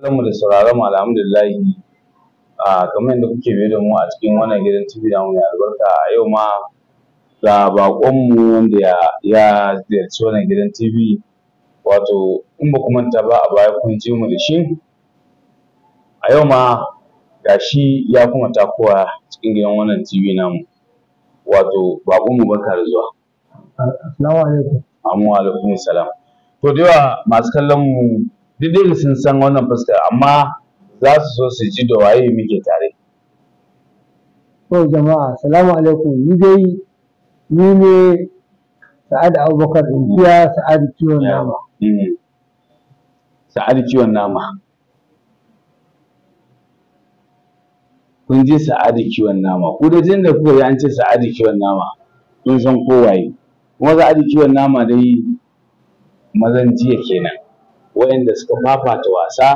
kallonmu da sauraronmu alhamdulillahi a kamar yadda kuke biyo da mu a cikin wannan gidan TV da ya albarka a yau ma ga baƙonmu wanda ya ziyarci wannan gidan TV wato in ba ku manta ba a baya kun ji mu da shi a yau ma ga shi ya kuma takowa cikin gidan wannan TV namu wato baƙonmu barka da zuwa assalamu alaikum amma alaikum salam to da yawa masu kallon mu duk da sun san wannan fuskar amma za su so su ji da waye muke tare to jama'a assalamu alaikum ni dai ni ne sa'ad abubakar inkiya sa'ad kiwon nama mm. sa'ad kiwon nama kun je sa'ad kiwon nama ku da jin da kuka yi an ce sa'ad kiwon nama kun san kowaye kuma sa'ad kiwon nama dai mazan jiya kenan wayanda suka fafata wasa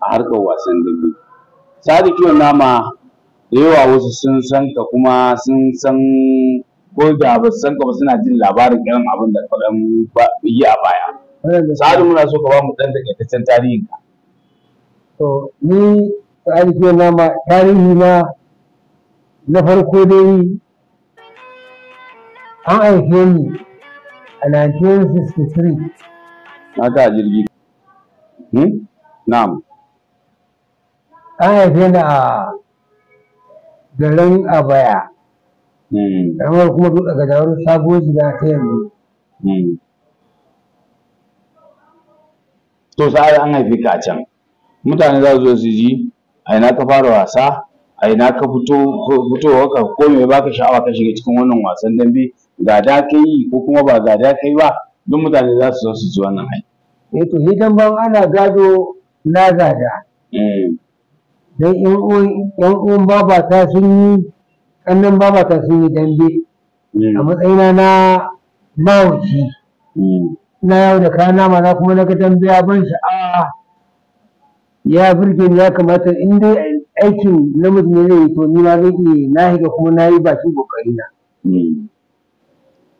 a harkar wasan dambe sada kiwon nama da yawa wasu sun san ka kuma sun san ko da ba su san ka ba suna jin labarin irin abin da ka dan yi a baya sa'adu muna so ka ba mu dan takaitaccen tarihin ka to ni sa'adu kiwon nama tarihi na na farko dai an aiki ni a 1963 Na ta jirgi Hmm? na'am an haife ni a garin abaya hmm. kamar kuma duk daga jarumin sabuwar shiga ta yanzu hmm. to sa'ar an haife ka a can mutane za su zo su ji a ina ka fara wasa a ina ka fito fitowa ka ko me baka sha'awa ka shiga cikin wannan wasan dambe ga da kai ko kuma ba ga da kai ba duk mutane za su zo su ji wannan hanya eh to ban ana gado na gada mm. don yan uwan babata sun yi kannan babata sun yi dambe mm. a matsayina na mawuci mm. na yau da kayan nama na kuma na ga dambe ya ban sha'awa ya birgin ya kamata in dai aikin namiji ne zai yi to ni ma zai iya na higa kuma na yi bakin ƙoƙarina.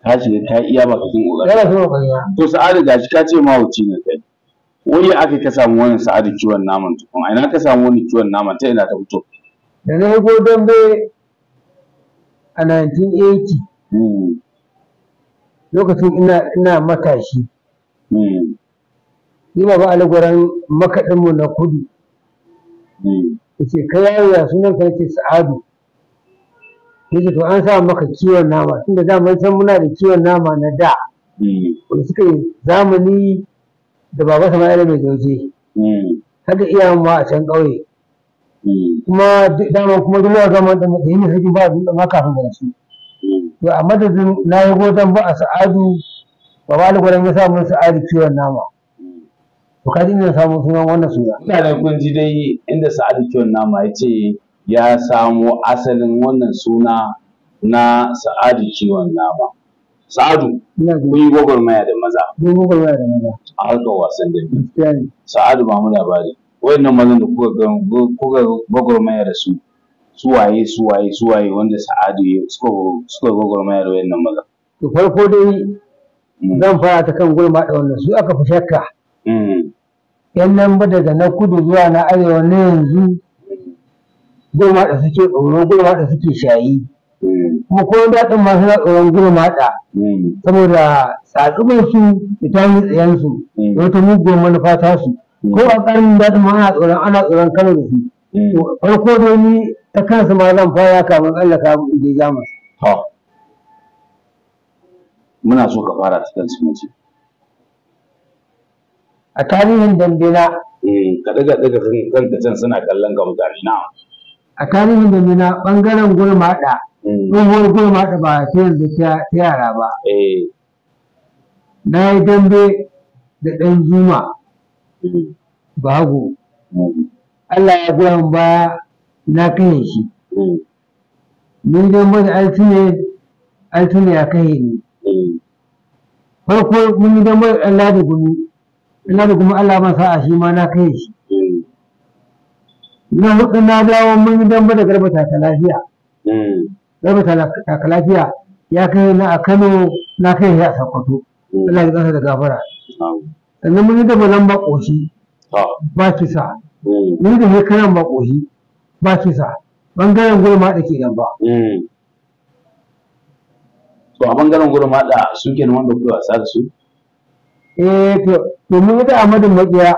ka shiga ka iya ba ka jin kokari to sa'adu gashi ka ce mahauci ne kai wai aka ka samu wani sa'adu kiwon naman tukun a ina ka samu wani kiwon naman ta ina ta fito da na hago dambe a 1980 hmm. lokacin ina matashi hmm. ni ba ba alagwaran makaɗinmu na kudu hmm. yace kai yaro ya sunan ka yace sa'adu yace to an sa maka kiwon nama tunda zaman can muna da kiwon nama na da hmm. wanda suka yi zamani da baba sama Sama'ila mai gauje hmm. haka iyayen ma a can ƙauye hmm. kuma dama kuma duk wani zaman da yi ne sai ba su ma kafin da su to a madadin na yi godan ba a sa'adu baba alƙwaran ya sa mun sa'adu kiwon nama to ka ji ina samun sunan wannan suna ina da kun ji dai inda sa'adu kiwon nama ya ce ya samo asalin wannan suna na sa'adu ciwon nama sa'adu mun yi gwagwarmaya da maza mun yi gwagwarmaya da maza a harkar wasan da sa'adu ba mu labari wayannan mazan da kuka ga kuka gwagwarmaya da su suwaye suwaye suwaye wanda sa'adu ya suka suka gwagwarmaya da wayannan maza to farko dai mm. zan fara ta kan gulma da wannan su aka fi shakka mm. yan nan ba daga na kudu zuwa na arewa na yanzu gurma da suke tsoro gurma da suke shayi hmm. kuma da daɗin masu na tsoron gurma da hmm. saboda tsatsumin su da tayi tsayen su da hmm. wata muguwar manufa ta su ko a ƙarin daɗin ma ana tsoron ana tsoron kano da su farko da ni ta kansu ma zan fara kamar Allah tsallaka mu je jamus muna so ka fara ta kansu mace a tarihin dambe na kaɗa-kaɗa daga kan kanka can suna kallon ka mutane na a tarihin damina ɓangaren gulmaɗa hmm. tsohuwar gulmaɗa ba ta yanzu ta yara ba eh. na yi dambe da ɗan juma hmm. bago hmm. Allah ya goya ba na kai shi ni dambe da altine altine ya kai ni farko mun yi dambe da Allah da gumi Allah da gumi Allah masa a shi ma na kai shi na hudu na dawo mun yi damba da garba taka lafiya hmm. garba taka lafiya ya kai na a kano na kai ya sakwato hmm. Allah ya kasa da gafara sannan mun yi damba nan ba koshi ba kisa hmm. mun yi da shekaran ba koshi ba kisa bangaren gulma da ke gaba to a bangaren gulma da su ke wanda kuka wasa da su eh to mun yi da Amadu makera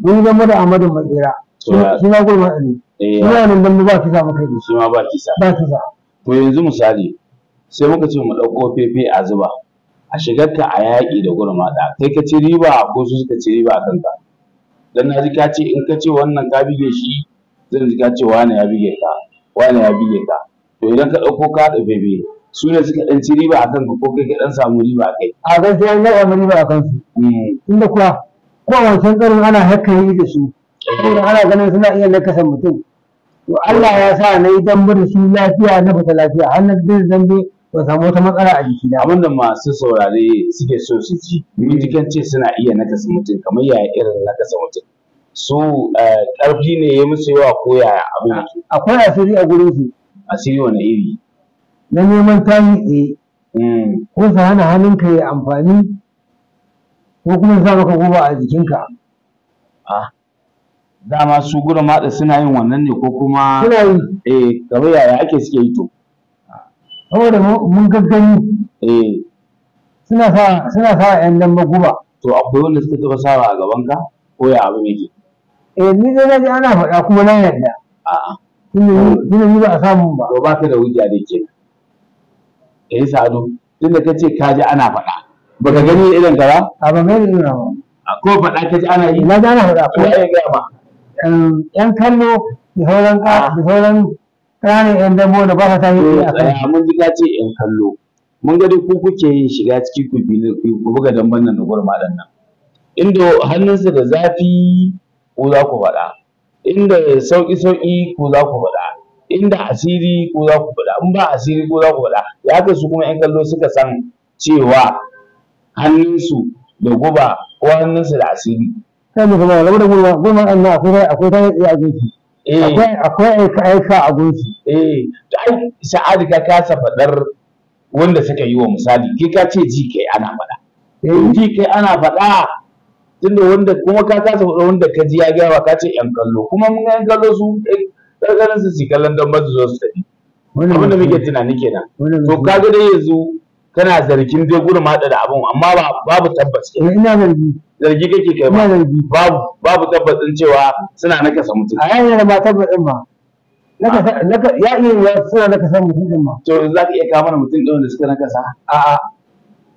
mun yi damba da Amadu makera shi ma gurma ne eh, shi ma nan dan ba kisa maka ne shi ma ba kisa ba kisa to yanzu misali sai muka ce mu dauko fefe a zuba a shigar a yaƙi da gurma da kai ka ci riba ko su suka ci riba a kanka dan na ji ka ce in ka ce wannan ka bige shi zan ji ka ce wani ya bige ka wani ya bige ka to idan ka dauko ka da fefe su ne suka ɗan ci riba a kanka ko kai ka ɗan samu riba a kai a gaskiya an ga riba a kansu inda hmm. kuwa ko wancan tsarin ana haka yi da su saboda ana ganin suna iya nakasa mutum to Allah ya sa na yi dambe da shi lafiya na fita lafiya har na bin dambe ba samu wata matsala a jiki abin da masu saurare suke so su ji binciken ce suna iya nakasa mutum kamar yaya irin nakasa mutum su eh, ƙarfi ne ya musu yawa ko yaya abin akwai asiri a gurin su asiri wani iri na neman tashi tsaye hmm. ko sa hana hannun ka ya amfani ko kuma sa maka guba a jikinka ah. dama su gurin matsa suna yin wannan ne ko kuma suna yi eh kamar yaya ake suke yi to saboda mun gaggani eh suna sa suna sa yan dan guba to akwai wanda suka taba sawa a gaban ka ko ya abu yake eh ni dai na ji ana faɗa kuma nan yadda a'a tunda ni ba a samu ba to ba ka da hujja da ke eh sadu tunda kace ka ji ana faɗa baka gani irin ka ba a ba mai irin ba ko faɗa kaji ana yi na ji ana faɗa ko ya ga ba yan kallo da sauran da sauran ƙananan yan dambo da ba sa yi a kai mun ji ce yan kallo mun ga dai ku kuke yin shiga ciki ku ku buga damban nan da gurma dan nan inda hannunsa da zafi ku za ku faɗa inda sauƙi sauƙi ku za ku faɗa inda asiri ko za ku faɗa in ba asiri ko za ku faɗa ya haka su kuma 'yan kallo suka san cewa hannunsu da guba ko hannunsu da asiri sai mu zama rabu da gulma gulma an akwai akwai ta yi a gunki eh. akwai akwai aika aika a gunki eh to ai sa'adu ka kasa fadar wanda suka yi wa misali ke ka ce ji kai ana faɗa eh. ji kai ana faɗa tunda wanda kuma ka kasa faɗa wanda ka ji ya gaya ka ce yan kallo kuma mun ga yan kallo su eh, ƙarƙarin su su kallon don ba su zo su tafi abin da muke tunani kenan to kaga dai yanzu kana zargin dai gurin ma da abin amma babu tabbas eh, ina zargi zargi kake kai ba babu babu tabbas din cewa suna nakasa mutum a yayin da ba tabbas din ba ah. ya iya suna san mutum din ma to za ka iya kawo mana mutum din da suka a a'a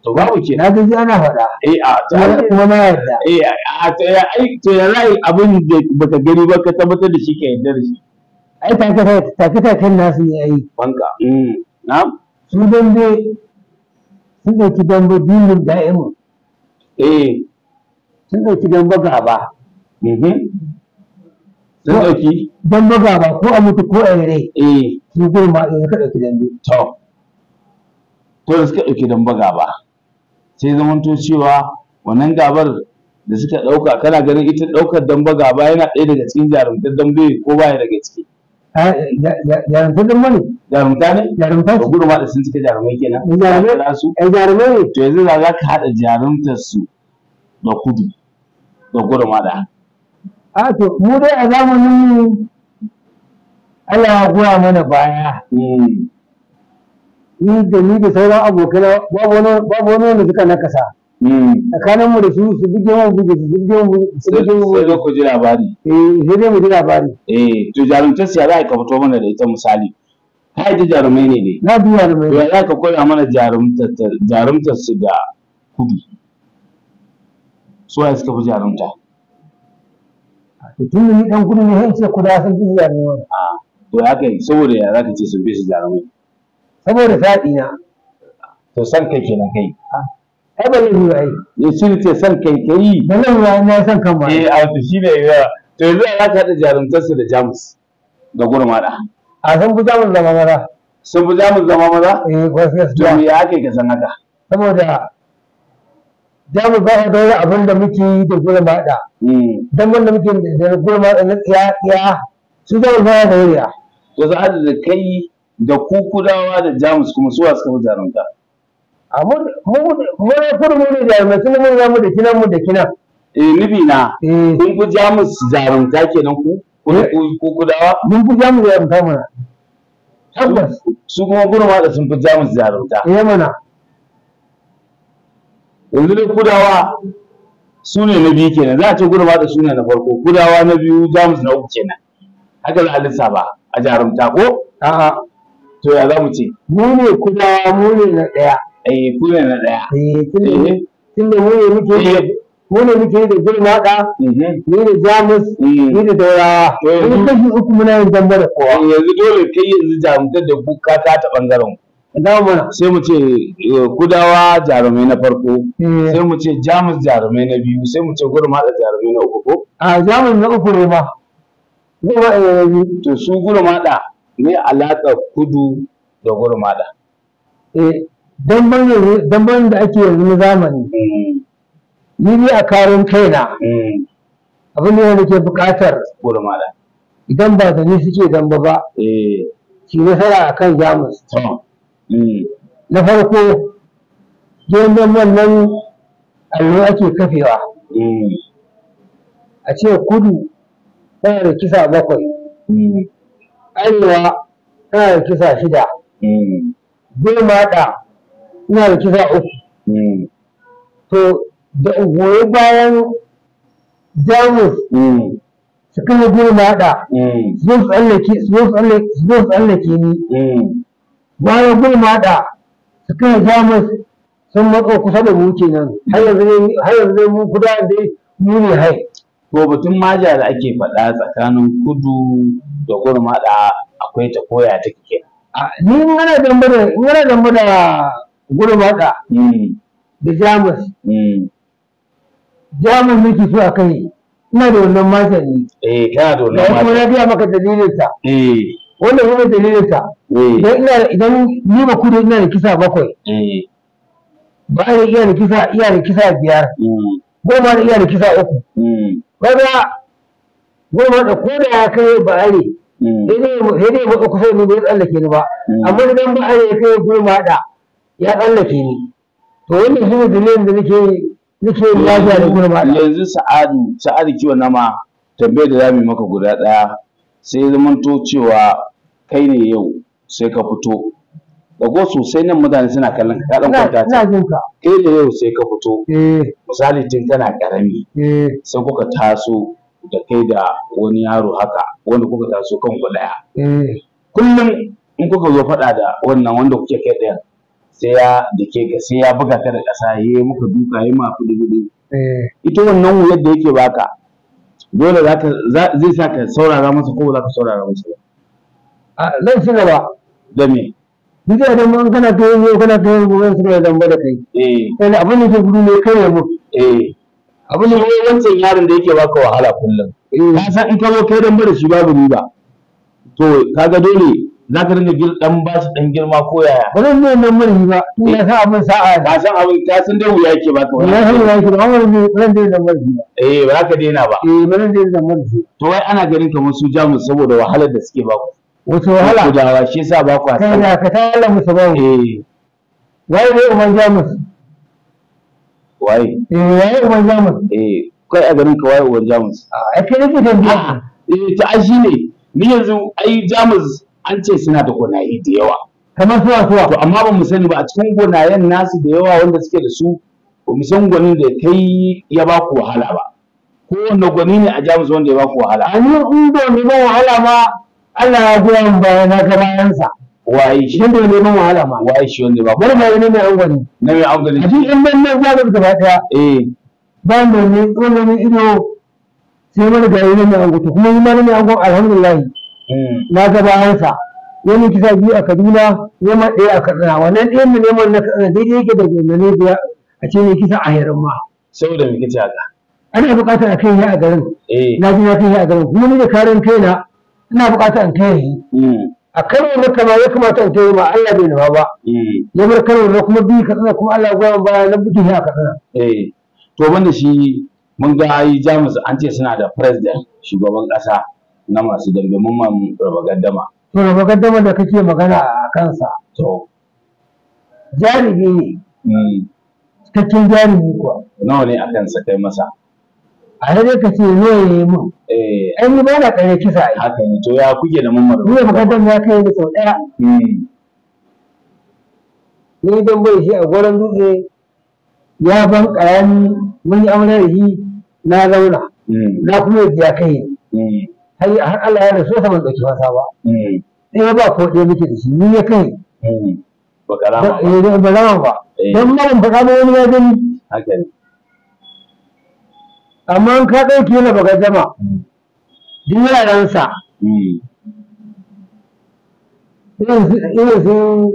to babu ke na gaji ana faɗa eh a to kuma na yarda eh a to ya ai to ya rai abin da baka gani ba ka tabbatar da shi ka yarda da shi ai take take take nasu ne ai banka mm, na'am su dan dai sun ɗauki damba dinin da'imu eh sun gaba sun ɗauki damba gaba ko a mutu ko a yare eh girma a ɗauki dambe to gaba sai zamanto cewa wannan gabar da suka ɗauka kana ganin ita ɗaukar dambe gaba yana ɗaya daga cikin jarumtar dambe ko baya daga ciki jarumta don mani jarumta ne jarumta ce gurma da sun cika jarumai kenan jarumai su ai jarumai ne to yanzu za ka haɗa jarumtar su da kudu da gurma da a to mu dai a zamanin mu Allah ya goya mana baya ni da ni da sauran abokai babu wani wanda suka nakasa tsakanin mu da su su buge mu buge su buge mu su buge mu sai zo ku ji labari eh sai dai mu ji labari eh to jarumtar siya za ka fito mana da ita misali ka ji jarumai ne ne na bi jarumai to za ka koya mana jarumtar jarumtar su da kudu su waye suka fi jarumta tun da ni dan kudu ne sai ce kuda sun fi jarumai a ah, to haka saboda ya za ka ce sun fi su jarumai saboda faɗi na to san kai kenan kai ah. ai ba zai yi ya shi ce son kai kai ba zan yi na son kan ba eh a to shi ne ya to yanzu ya ka da jarumtarsa da jamus da gurmada a sun fi jamus zama maza sun fi jamus zama maza eh wasu to ya ake ka san haka saboda jamus ba ya daura abin da muke yi da hmm. don ban da muke da gurmada na tsaya, tsiya su zama ba da daura to za da kai da kukudawa da jamus kuma suwa suka fi jarumta muna kurmu ne jarumai tun mun zamu da kinan mu da kinan eh nufi na eh. kun ku jamus jarumta kenan ku ku kudawa mun ku jamus jarumta mana tabbas su kuma gurma da sun fi jamus jarumta eh mana yanzu dai kudawa su ne na biyu kenan za a ce gurma da su ne na farko kudawa na biyu jamus na uku kenan haka za a lissafa a jarumta ko a'a to ya za mu ce mu ne kudawa mu ne na ɗaya eh ku ne na ɗaya? eh tun da eh. mu ne muke eh. mu ne muke da gurin haka mhm. ni da jamus eh. ni da daurawa kuma kashi uku muna yin dambe da kowa yanzu dole kai yanzu jamutar da kuka ta ta bangaren sai mu ce kudawa jarumai na farko sai mu ce jamus jarumai na biyu sai mu ce gurin hada jarumai na uku ko a jamus na uku ne ba. ma to su gurin hada ne alaƙar kudu da gurin hada eh damban da ake yanzu na zamani ni ne a karin kaina abin da yana ke bukatar idan ba da ni suke damba ba eh. ki nasara a kan jamus mm. na farko damban nan allo ake kafewa mm. a ce kudu tana da kisa bakwai mm. arewa tana da kisa shida zai maɗa ina da kisa uku hmm. to da goyi bayan jamus hmm. su kuma gurma haɗa hmm. su zo su tsallake ni bayan gurma haɗa su yi jamus sun matso kusa da mu kenan har yanzu ne mu kuda da mu ne hai to batun maja da ake faɗa tsakanin kudu da gurma da akwai ta koya ta kenan ni in ana dambara gurmaka hmm. da jamus hmm. jamus nake so a kai ina da wannan masani eh kana da wannan masani kuma na biya maka dalilinta. ta eh wanda kuma dalilin eh. idan ni ba kudu ina da kisa bakwai eh ba a iya da kisa iya da kisa biyar hmm. goma da iya da kisa uku kaga goma da ko da ya kai ba ne, sai dai ba kusa ne bai tsallake ni ba amma idan ba ya kai goma da ya tsallake ni to wani shi ne dalilin da nake nake lafiya da ba yanzu sa'adu sa'adu kiwo na ma tambayar da zamu maka guda daya sai to cewa kai ne yau sai ka fito dago sosai nan mutane suna kallon ka dan kwanta ta kai ne yau sai ka fito eh. misali tun kana karami eh. sai kuka taso da kai da wani yaro haka wanda kuka taso kanku daya eh. kullum in kuka zo faɗa da wannan wanda kuke kai ɗaya. sai ya dake ka sai ya buga ka da ƙasa ya yi muka duka ya ma kuɗi kuɗi eh. ita wannan wuyar da yake baka dole zai sa ka saurara masa ko za ka saurara masa ba zan ci gaba da me duk da idan man kana kai ne kana kai ne gobe suka zan ba da kai eh sai abin da ke gudu ne kai ya mu eh abin da ne wancan yaron da yake baka wahala kullum eh. ka san in kawo kai dan da shi babu riba to kaga dole za ka rinka dan ba shi dan girma ko yaya ba zan mai nan murhi ba in ya sa abin sa'a ka san abin ka san dai wuya yake baka wani ya san wuya yake ba wani mai ran dai nan murhi ba eh ba ka daina ba eh ba ran dai nan murhi to wai ana ganin kamar su jamus saboda wahalar da suke baku wato wahala ku dawa shi yasa ba ku asali kai na ka tala musu ba eh wai ne umar jamus wai eh wai umar jamus eh kai a garin ka wai umar jamus a ah, kai ne ke da eh ta ashi ne ni yanzu ai jamus an ce suna da gonaye da yawa kamar suwa suwa to amma ba mu sani ba a cikin gonayen nasu da yawa wanda suke da su ba mu san gwanin da yi ya ba ku wahala ba kowanne gwani ne a jamus wanda ya ba ku wahala a ni in ba mu ba wahala ba Allah ya goya mu bayan na ga bayansa waye shi da ne ban wahala ma waye shi wanda ba bari mai ne an gwani. na mai gwani. a cikin ban nan za ka gaba daya eh ban da ne wannan ido sai mana ga ne mai angwani kuma ni ma ne mai gwani alhamdulillah na ga bayansa wani mun kisa biyu a Kaduna neman ɗaya a Katsina wannan ɗayan mu neman na Katsina dai yake da gonane biya a ce ne kisa a yaran ma saboda me kici haka ana buƙatar a kai a garin eh. na ji na kai a garin kuma ni da karin kaina ina buƙatar an kai mm. a karo na kama ya kamata an kai ma Allah bai nufa ba ya mm. mar karo na kuma bi Katsina kuma Allah ya gwamma baya na buɗe a Katsina eh. to banda shi mun ga ai Jamus an ce suna da president shugaban ƙasa na masu dangamin mamu ma raba gaddama to raba gaddama da kake magana a kansa to jarumi ne mm. cikakken jarumi kuwa nawa ne a kansa kai masa a dai ka ce ne ya yi mun eh ai ni ba na kare kisa yi. haka ne to ya kuke da mun marwa ne gaddama ya kai da sau ɗaya. Mm. ni don bai shi a goron dutse ya ban karami mun yi aure da shi na zauna mm. na kuma ya kai har Allah ya rasu saman ɗauki fasa ba hmm. ɗaya ba ko ɗaya muke da shi ni ya kai hmm. ba karama eh, ba don malam ba kama eh. wani ya gani amma in ka ɗauki yana baka jama hmm. duk yaransa irin su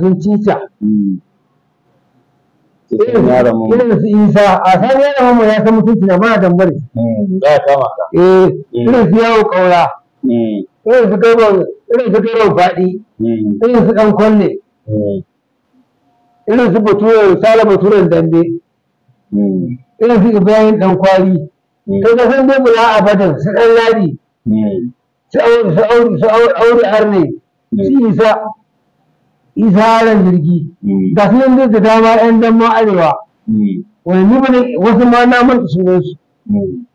sun cica irin su isa a sani yana mamu ya san mutunci na mana dambare hmm, za ya kama ka eh, hmm. irin su yawo kaura hmm. irin su kaiwa irin su kaiwa faɗi irin su ɗan kwalle irin su bature sala baturen dambe irin su ibrahim ɗan kwari kai ka san dai mula abadan su ɗan ladi su auri arne su isa izaren jirgi hmm. ga su da da dama yan damma arewa hmm. wani ni bane wasu ma na manta sunan su hmm.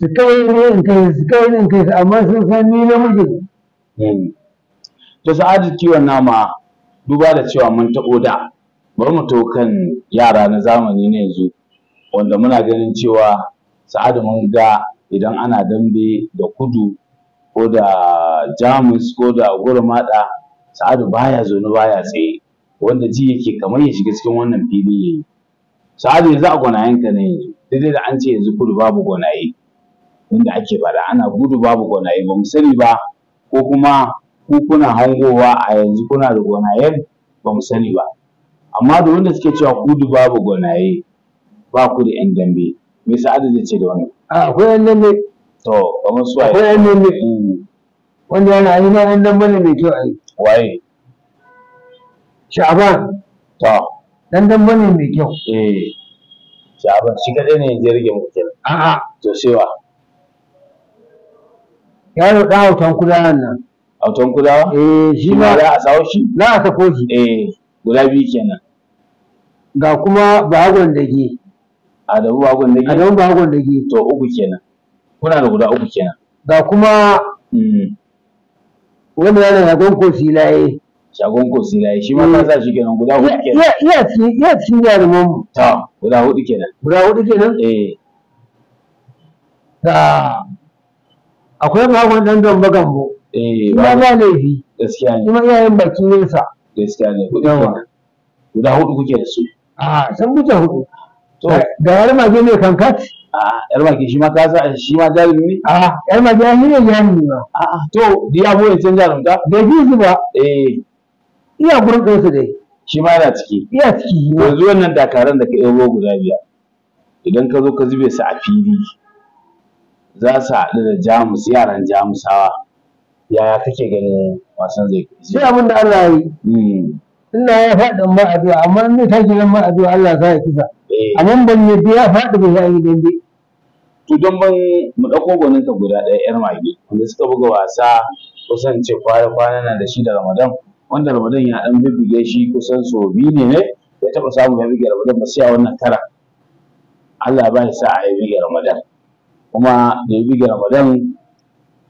su kai ne in kai su kai ne in kai su amma sun san ni na mijin da sa'adu kiwon nama duba da cewa mun taɓo da bari mu kan yara na zamani na yanzu wanda muna ganin cewa sa'adu mun ga idan ana dambe da kudu ko da jamus ko da gurmaɗa sa'adu baya zaune baya tsaye wanda ji yake kamar ya shiga cikin wannan fili yayi sa'adu yanzu a gwanayenka ne yanzu daidai da an ce yanzu kudu babu gwanaye inda ake faɗa ana gudu babu gwanaye ba mu sani ba ko kuma ku kuna hangowa a yanzu kuna da gwanayen ba mu sani ba amma da wanda suke cewa kudu babu gwanaye ba ku da 'yan dambe me sa'adu zai ce da wannan akwai 'yan dambe to kamar su akwai 'yan dambe mm. wanda yana yi na 'yan dambe ne mai kyau a yi waye sha'aban to dan dan bane mai kyau eh sha'aban shi kadai ne ya rage mu kenan a'a to sewa ya yi da hautan kudawan nan hautan kudawa eh shi ma za a sawo shi za a sako shi eh guda biyu kenan ga kuma bagon dage adamu bagon dage adamu bagon dage to uku kenan kuna da guda uku kenan ga kuma mm. wani yana shagon kosi laye shagon kosi laye shi ma kansa eh. shi kenan guda hudu kenan ya fi ya fi mu ta guda hudu kenan guda hudu kenan eh Ta akwai bakon dan don bagan mu eh ba ba laifi gaskiya ne kuma iyayen bakin nesa. gaskiya ne guda guda hudu kuke da su a ah, san buta hudu to ga yar mage ne kankat Ah, yar mage shi ma ka sa shi ma jarumi ne a yar mage shi ne jarumi ba a to di ya boye can jarumta bai bi su ba eh iya gurin ɗansa dai shi ma yana ciki iya ciki yanzu wannan dakaran da ka ɗauko guda biyar idan ka zo ka zube su a fili za su haɗu da jamus yaran jamusawa yaya kake ganin wasan zai kai sai abin da Allah ya yi hmm. ina ya faɗin ma'adu'a amma in zai tashi nan ma'adu'a Allah za ya kisa Eh. amma ban yi biya faɗi ba ya yi dambe to don ban mu ɗauko gwaninka guda ɗaya yar mage wanda suka buga wasa kusan ce kwana kwana na da shi da ramadan wanda ramadan ya dan bibbige shi kusan so biyu ne ne ya taɓa samu ya bige ramadan ba sai a wannan kara Allah ba shi sa a yi bige ramadan kuma da ya bige ramadan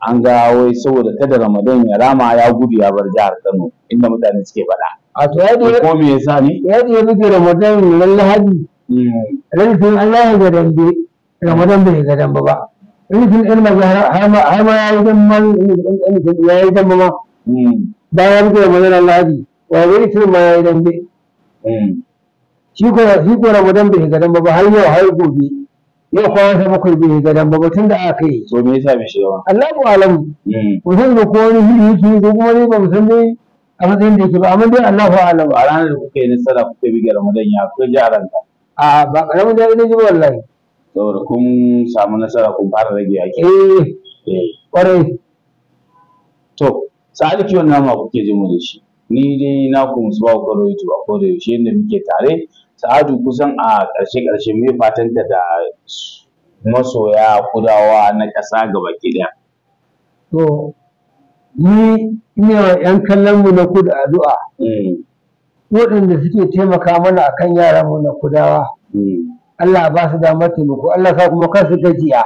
an ga wai saboda kada ramadan ya rama ya gudu ya bar jihar kano inda mutane suke faɗa a to ya ko me yasa ne ya bige ramadan lallahadi rarrafin Allah ya gadan bi ramadan bai gadan ba ba rarrafin ilma har ma ya yi zamman ya yi zamma ma bayan rike ramadan Allah bi wa wani tun ma ya yi dambe shi ko shi ko ramadan bai gadan ba har yau har gobe yau kwana ta bakwai bai gadan ba tun da aka yi to me yasa bai shiga ba Allah ku alamu mutum da ko wani hiri yake ko kuma ne ba mutum ne a matsayin da yake ba amma dai Allah ku alamu a ranar da kuka yi nasara kuka bi ga ramadan ya kuka ji a ranka a ba karamin da na ji wallahi saboda kun samu nasara kun fara rage yaki eh kwarai eh. to sa'adu kiwon nama kuke ji mu da shi ni dai na ku musu ba ku rawaito a yaushe yadda muke tare sa'adu kusan a ƙarshe ƙarshe mai fatanta da masoya kudawa na ƙasa gaba ɗaya. to ni ina yan kallon mu na kudu addu'a mm. waɗanda suke taimaka mana akan yaran mu na kudawa Allah ba su damar taimako Allah sa kuma kansu gajiya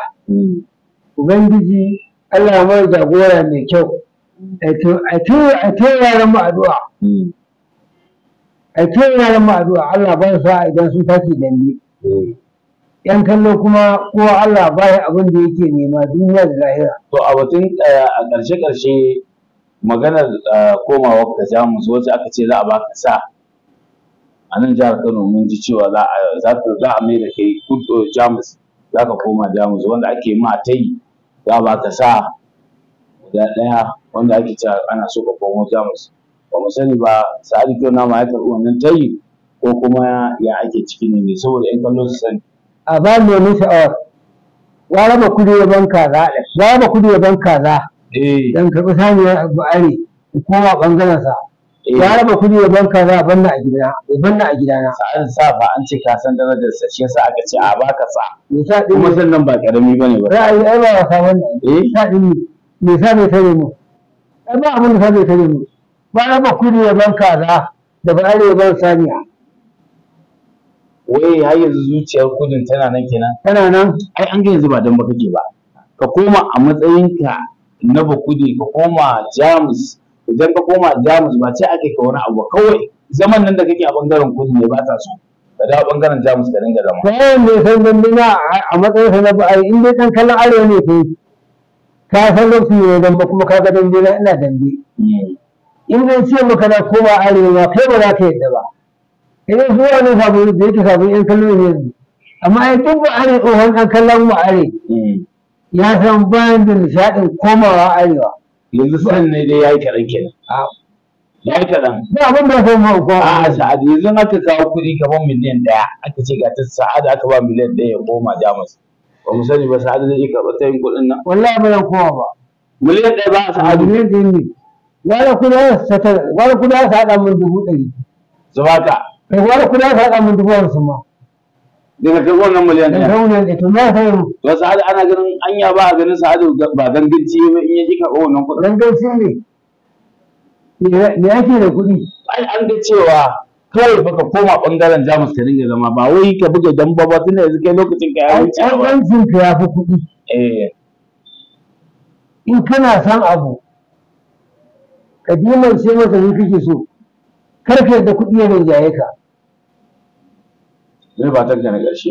ubangiji Allah mai jagora mai kyau a ce yaran mu addu'a a ce yaran mu addu'a Allah ba sa idan sun tashi dambe yan kallo kuma ko Allah baya abin da yake nema duniya da lahira. To a batun eh, a ƙarshe ƙarshe maganar eh, komawa ka jamus wacce aka ce za a baka sa a nan jihar Kano mun ji cewa za a mai da kai Jamus za ka koma Jamus wanda ake ma ta yi za ba ka sa guda ɗaya wanda ake cewa ana so ka komo Jamus ba mu sani ba sa'adu kyau na ma ya karɓi wannan ta yi ko kuma ya ake ciki ne saboda in kallon su sani. a ba mu wani sha'awar ya raba kudi ya ban kaza ya raba kudi ya ban kaza eh. dan karɓi saniyar abu are ko a ɓangaren sa Eh. ya raba kuɗi ya banka za a banna a gida ya banna a gida na an sa ba an ce ka san darajar sa shi yasa aka ce a baka sa me sa din kuma sannan ba karami bane ba ra'ayi ai ba wasa wannan eh sa din ne me sa bai tare mu ai ba abin da sa bai tare mu ba raba kuɗi ya banka za da ba are ban saniya wai har yanzu zuciyar kudin tana nan kenan tana nan ai an ga yanzu ba dan ba kake ba ka koma a matsayinka na bakudi ka koma jamus idan ka koma jamus ba ce ake ka wani abu kawai zaman nan da kake a bangaren kudu ne ba ta so ka dawo bangaren jamus ka dinga zama kai ne san dandina a matsayin sa na ba'ai in dai kan kallon arewa ne kai ka san su ne zamba kuma ka ga dandina ina dambe hmm. in zan ce maka na koma arewa kai ba za ka yadda ba idan zuwa ne sabu da yake sabu yan kallo ne yanzu amma ai duk ba are tsohon ɗan kallon mu arewa hmm. ya san bayan da nishaɗin komawa arewa yanzu san ne dai yayi kaɗan kenan ah. yayi karan da abin da kai ko a sa'ad yanzu aka kawo kuɗi kamar miliyan ɗaya aka ce ga ta sa'ad aka ba miliyan ɗaya ya koma jamus ba mu sani ba sa'ad zai karɓa ta yin kuɗin nan wallahi ba zan koma ba miliyan ɗaya ba a sa'ad miliyan ɗaya ne wani kuɗi ya sa mun dubu ɗari zuba ka eh, wani kuɗi ya sa mun dubu hamsin ma daga kan wannan miliyan ɗaya. to na sayo. Wasu hada ana ganin anya ba a ganin Sa'adu ba ganganci ba in ya ji karɓar wannan kuɗin. Ganganci ne. Me ake da kuɗi? Ai an ga cewa kawai baka koma ɓangaren Jamus ka dinga zama ba wai ka buga don ba da yanzu kai lokacin ka ya wuce. Ƙanƙancin ka ya fi kuɗi. Eh. In kana son abu ka sai masa ni kake so kar da yarda kuɗi ya rinjaye ka. zai fatan ka na ƙarshe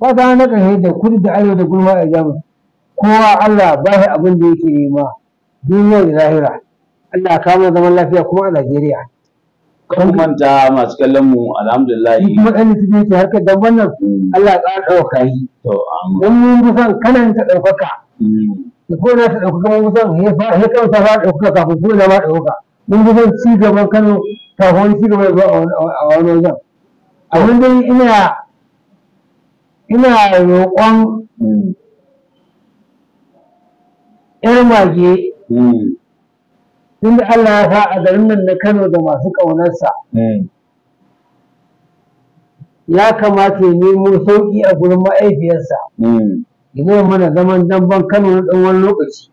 ba ta na ƙarshe da kudu da arewa da gulma a jamus kowa Allah ba shi abin da yake ma duniya da zahira. Allah ya kawo zaman lafiya kuma a Najeriya kan manta masu kallon mu alhamdulillah shi kuma ɗan littafi yake harkar dabban nan hmm. Allah ya ƙara ɗauka shi don mun fi son kanan ta ɗaukaka da hmm. ko na ta ɗaukaka mun fi son ya ta fara ɗaukaka kafin ko na ma ɗaukaka mun fi son Kano kafin wani ci gaba a wani wajen Abin dai ina ina roƙon yar mage hmm. tunda Allah ya sa a garin nan na Kano da masu ƙaunarsa hmm. ya kamata ya nemo sauƙi a gurin ma'aifiyarsa hmm. ya mana zaman damban Kano na ɗan wani lokaci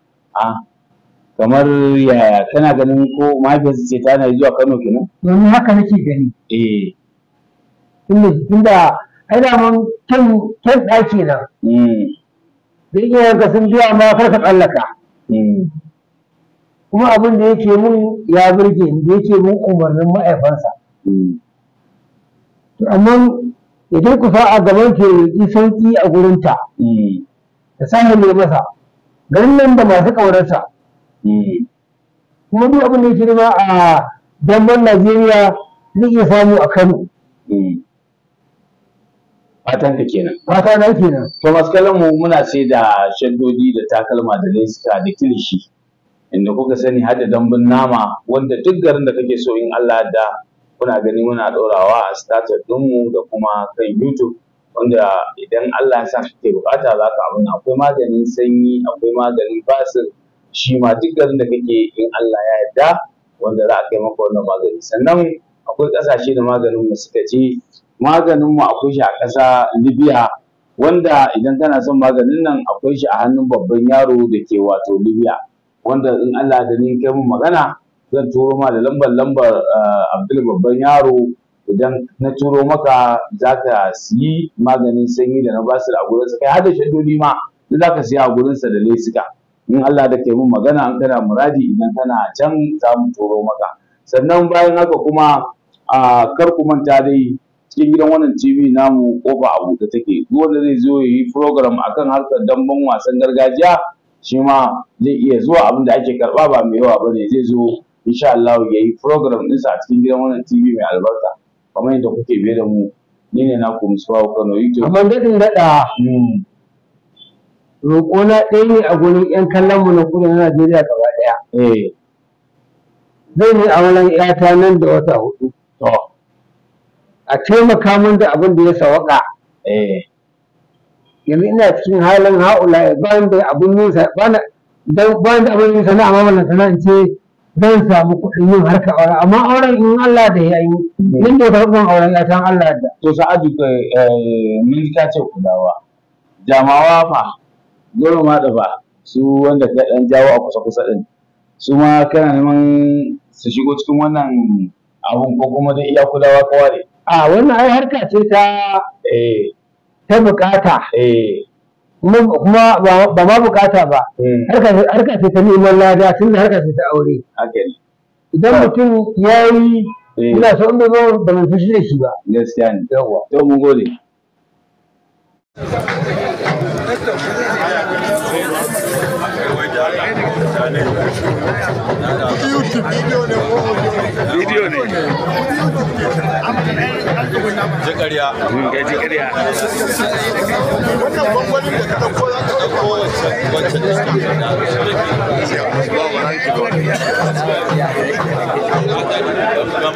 kamar yaya kana ganin ko mahaifiyarsa ce tana zuwa Kano kenan domin haka nake gani eh tunda ai ina mun kyan ɗaki nan da sun biya ma kar tsallaka hmm. kuma abin da yake mun ya burge da yake mun umarnin ma'aifansa hmm. amma ya ku a gaban ke yi sauki a gurinta hmm. da sahile masa garin nan da masu ƙaunarsa kuma duk abin da ya shirma a damban najeriya zai iya samu a kano fatan kenan fata na kenan to masu kallon mu muna sai da shaddodi da takalma da lesuka da kilishi inda kuka sani har da dambun nama wanda duk garin da kake so in Allah da kuna gani muna ɗorawa a status ɗinmu da kuma kan YouTube wanda idan Allah ya sa kake bukata za ka abin akwai maganin sanyi akwai maganin basir shi ma duk garin da kake in Allah ya yarda wanda za a kai maka wannan magani sannan akwai ƙasashe da maganin mu suka je maganinmu akwai shi a ƙasa libya wanda idan kana son maganin nan akwai shi a hannun babban yaro da ke wato libya wanda in allah da ni kai mun magana zan turo ma da lambar lambar eh, abdul babban yaro idan na turo maka za ka siyi maganin sanyi da na basir a gurin sa kai har da shaddodi ma duk za ka siya a gurinsa da lesuka in allah da kai mun magana an kana muradi idan kana can za mu turo maka sannan bayan haka kuma a ah, kar ku manta dai cikin gidan wannan TV namu kofa a da take duk wanda zai zo yi program akan harkar damban wasan gargajiya shi ma zai iya zuwa abin da ake karba ba mai yawa bane zai zo insha Allah ya yi program ɗinsa a cikin gidan wannan TV mai albarka kamar yadda kuke biye da mu ni ne na ku bawa Kano YouTube amma daɗin daɗa, hmm. roƙo na ɗaya ne a gurin ƴan kallon mu na kudu na Najeriya gaba ɗaya eh zai yi auren ƴata nan da wata hudu a taimaka min da abin da ya sawaka eh. yanzu ina cikin halin haula ba da abin yin dan bayan da abin yin sana'a amma wannan sana'a ce zan samu kuɗin yin harka aure amma auren in Allah da ya yi min mm. da farkon auren ya san Allah da to sa'adu eh, mun ka ce kudawa jamawa fa goro ma da ba su wanda ka dan jawo a kusa kusa din su ma kana neman su shigo cikin wannan abun ko kuma dai iya kudawa kawai a wannan ai harka ce ta eh. ta bukata eh. kuma ba ma bukata ba hmm. harka ce ta neman lada tun da harka ce ta aure idan mutum ya yi eh. ina so in bai ba mai fushi da shi ba gaskiya ne yawa to mun gode Video ne. Video ne. jikariya ga jikariya wannan gwangwanin da ka ɗauko za ka ɗauko wacce wacce da suka fi da